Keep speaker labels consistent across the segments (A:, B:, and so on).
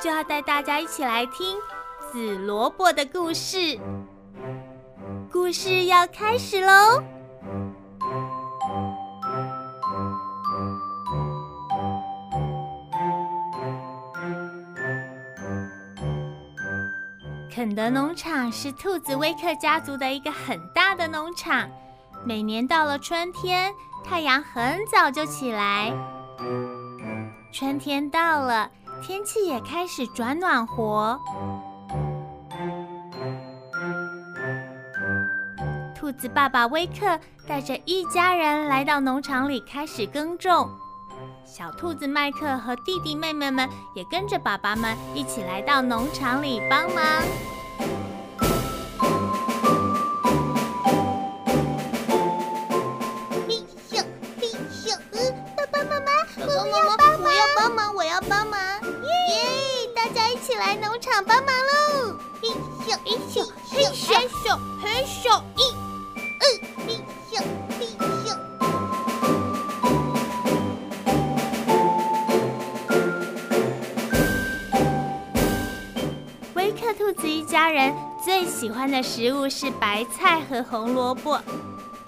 A: 就要帶大家一起來聽紫蘿蔔的故事。故事要開始嘍！肯德農場是兔子威克家族的一個很大的農場。每年到了春天，太陽很早就起來。春天到了。天氣也開始轉暖和，兔子爸爸威克帶着一家人來到農場裡開始耕種，小兔子麥克和弟弟妹妹們也跟着爸爸們一起來到農場裡幫忙。最喜歡的食物是白菜和紅蘿蔔。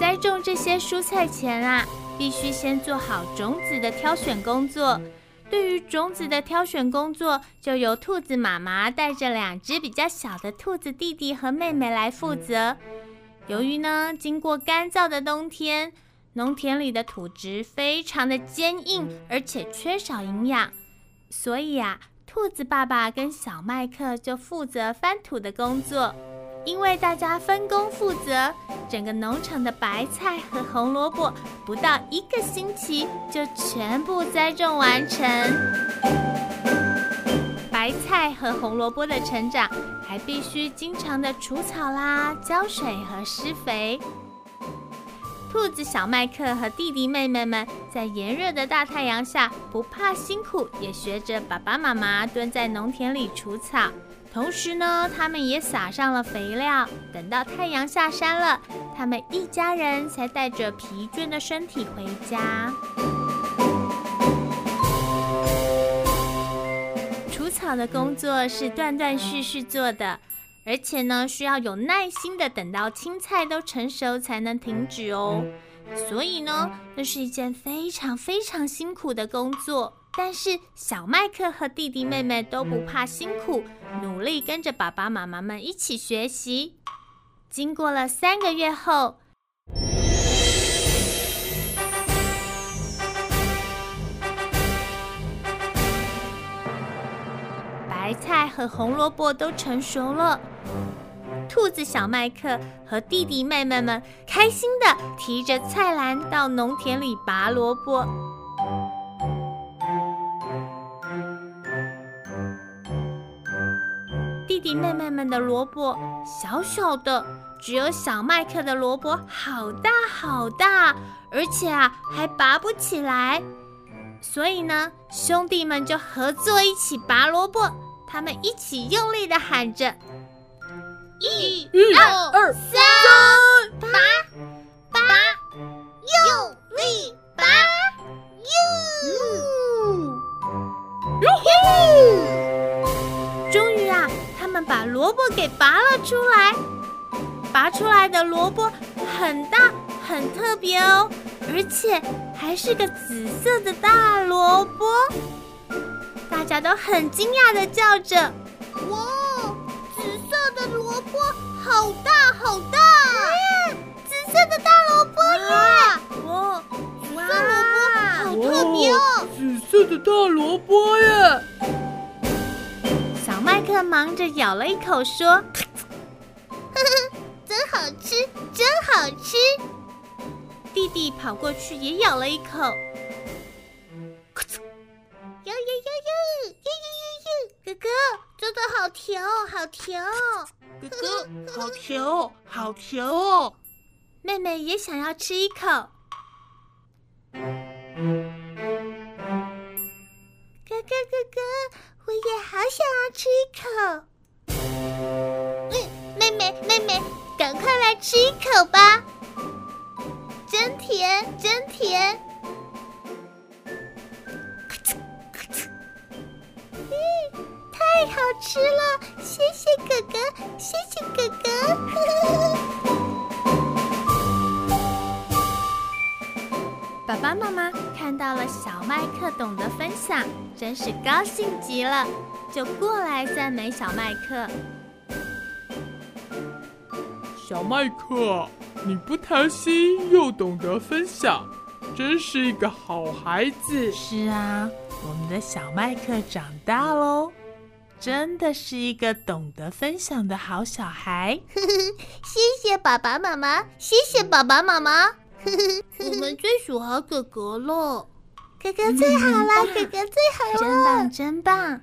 A: 栽種這些蔬菜前啊，必須先做好種子的挑選工作。對於種子的挑選工作，就由兔子媽媽帶着兩隻比較小的兔子弟弟和妹妹來負責。由於呢，經過乾燥的冬天，農田裡的土質非常的堅硬，而且缺少營養，所以啊。兔子爸爸跟小麥克就負責翻土的工作，因為大家分工負責，整個農場的白菜和紅蘿蔔不到一個星期就全部栽種完成。白菜和紅蘿蔔的成長還必須經常的除草啦、澆水和施肥。兔子小麥克和弟弟妹妹們在炎熱的大太陽下不怕辛苦，也學着爸爸媽媽蹲在農田裡除草。同時呢，他們也撒上了肥料。等到太陽下山了，他們一家人才帶着疲倦的身體回家。除草的工作是斷斷續續做的。而且呢，需要有耐心的等到青菜都成熟才能停止哦。
B: 所以
A: 呢，那是一件非常非常辛苦的工作。但是小麥克和弟弟妹妹都不怕辛苦，努力跟着爸爸媽媽們一起學習。經過了三個月後，白菜和紅蘿蔔都成熟了。兔子小麥克和弟弟妹妹們開心的提着菜籃到農田裡拔蘿蔔。弟弟妹妹們的蘿蔔小小的，只有小麥克的蘿蔔好大好大，而且啊還拔不起來。所以呢，兄弟們就合作一起拔蘿蔔，他們一起用力的喊着。一、二、二三、八、八、八、六、六、八、六，呦、嗯、吼！嘿嘿，終於啊，他們把蘿蔔給拔了出來。拔出來的蘿蔔很大，很特別哦，而且還是個紫色的大蘿蔔。大家都很驚訝的叫着：“哇！”哇，好大好大！紫色的大蘿蔔耶！啊、哇，哇，大蘿蔔好特別哦！紫色的大蘿蔔耶！小麥克忙着咬了一口，說：“呵呵，真好吃，真好吃！”弟弟跑過去也咬了一口，呀呀呀呀呀呀呀呀，哥哥。哥哥好甜哦，好甜哦！哥哥 好甜哦，好甜哦！妹妹也想要吃一口。哥哥哥哥，我也好想要吃一口。嗯，妹妹妹妹，趕快來吃一口吧！看到了小麥克懂得分享，真是高興極了，就過來讚美小麥克。小麥克，你不貪心又懂得分享，真是一個好孩子。是啊，我們的小麥克長大嘍，真的是一個懂得分享的好小孩。 謝謝爸爸媽媽，謝謝爸爸媽媽。 我們最喜歡哥哥了，哥哥最好了，嗯、哥哥最好了，真棒，真棒！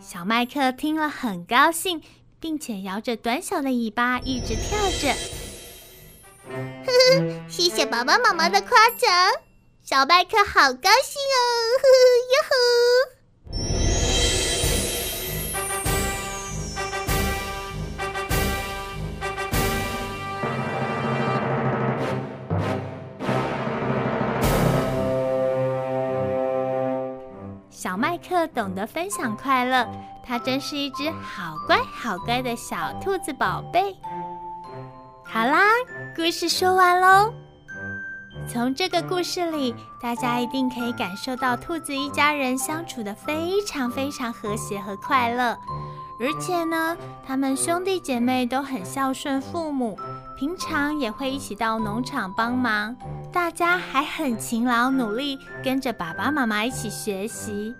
A: 小麥克聽了很高興，並且搖着短小的尾巴一直跳着。 謝謝爸爸媽媽的誇獎，小麥克好高興哦！ 喲吼！小麥克懂得分享快樂，他真是一隻好乖好乖的小兔子寶貝。好啦，故事說完嘍。從這個故事裡，大家一定可以感受到兔子一家人相處得非常非常和諧和快樂。而且呢，他們兄弟姐妹都很孝順父母，平常也會一起到農場幫忙。大家還很勤勞努力，跟着爸爸媽媽一起學習。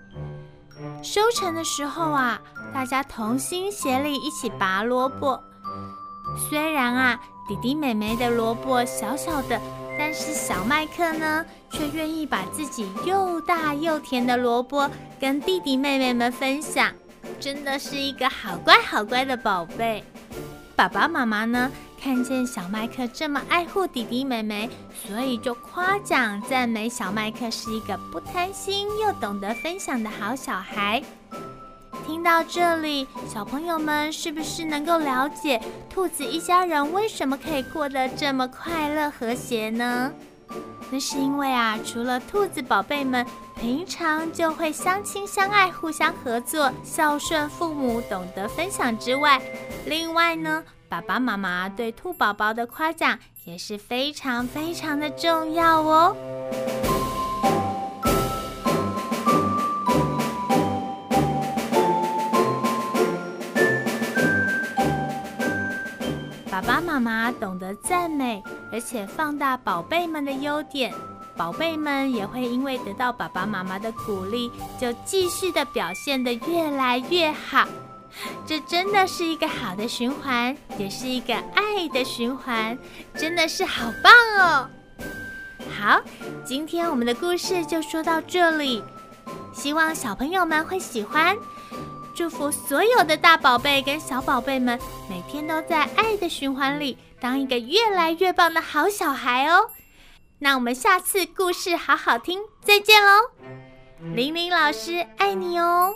A: 收成的時候啊，大家同心協力一起拔蘿蔔。雖然啊，弟弟妹妹的蘿蔔小小的，但是小麥克呢，卻願意把自己又大又甜的蘿蔔跟弟弟妹妹們分享。真的是一個好乖好乖的寶貝。爸爸媽媽呢，看見小麥克這麼愛護弟弟妹妹，所以就誇獎讚美小麥克是一個不貪心又懂得分享的好小孩。聽到這裡，小朋友們是不是能夠了解兔子一家人為什麼可以過得這麼快樂和諧呢？那是因為啊，除了兔子寶貝們平常就會相親相愛、互相合作、孝順父母、懂得分享之外，另外呢，爸爸媽媽對兔寶寶的誇獎也是非常非常的重要哦。媽媽懂得讚美，而且放大寶貝們的優點，寶貝們也會因為得到爸爸媽媽的鼓勵，就繼續的表現得越來越好。這真的是一個好的循環，也是一個愛的循環，真的是好棒哦！好，今天我們的故事就說到這裡，希望小朋友們會喜歡。祝福所有的大寶貝跟小寶貝們，每天都在愛的循環裡，當一個越來越棒的好小孩哦。那我們下次故事好好聽，再見哦！玲玲老師愛你哦。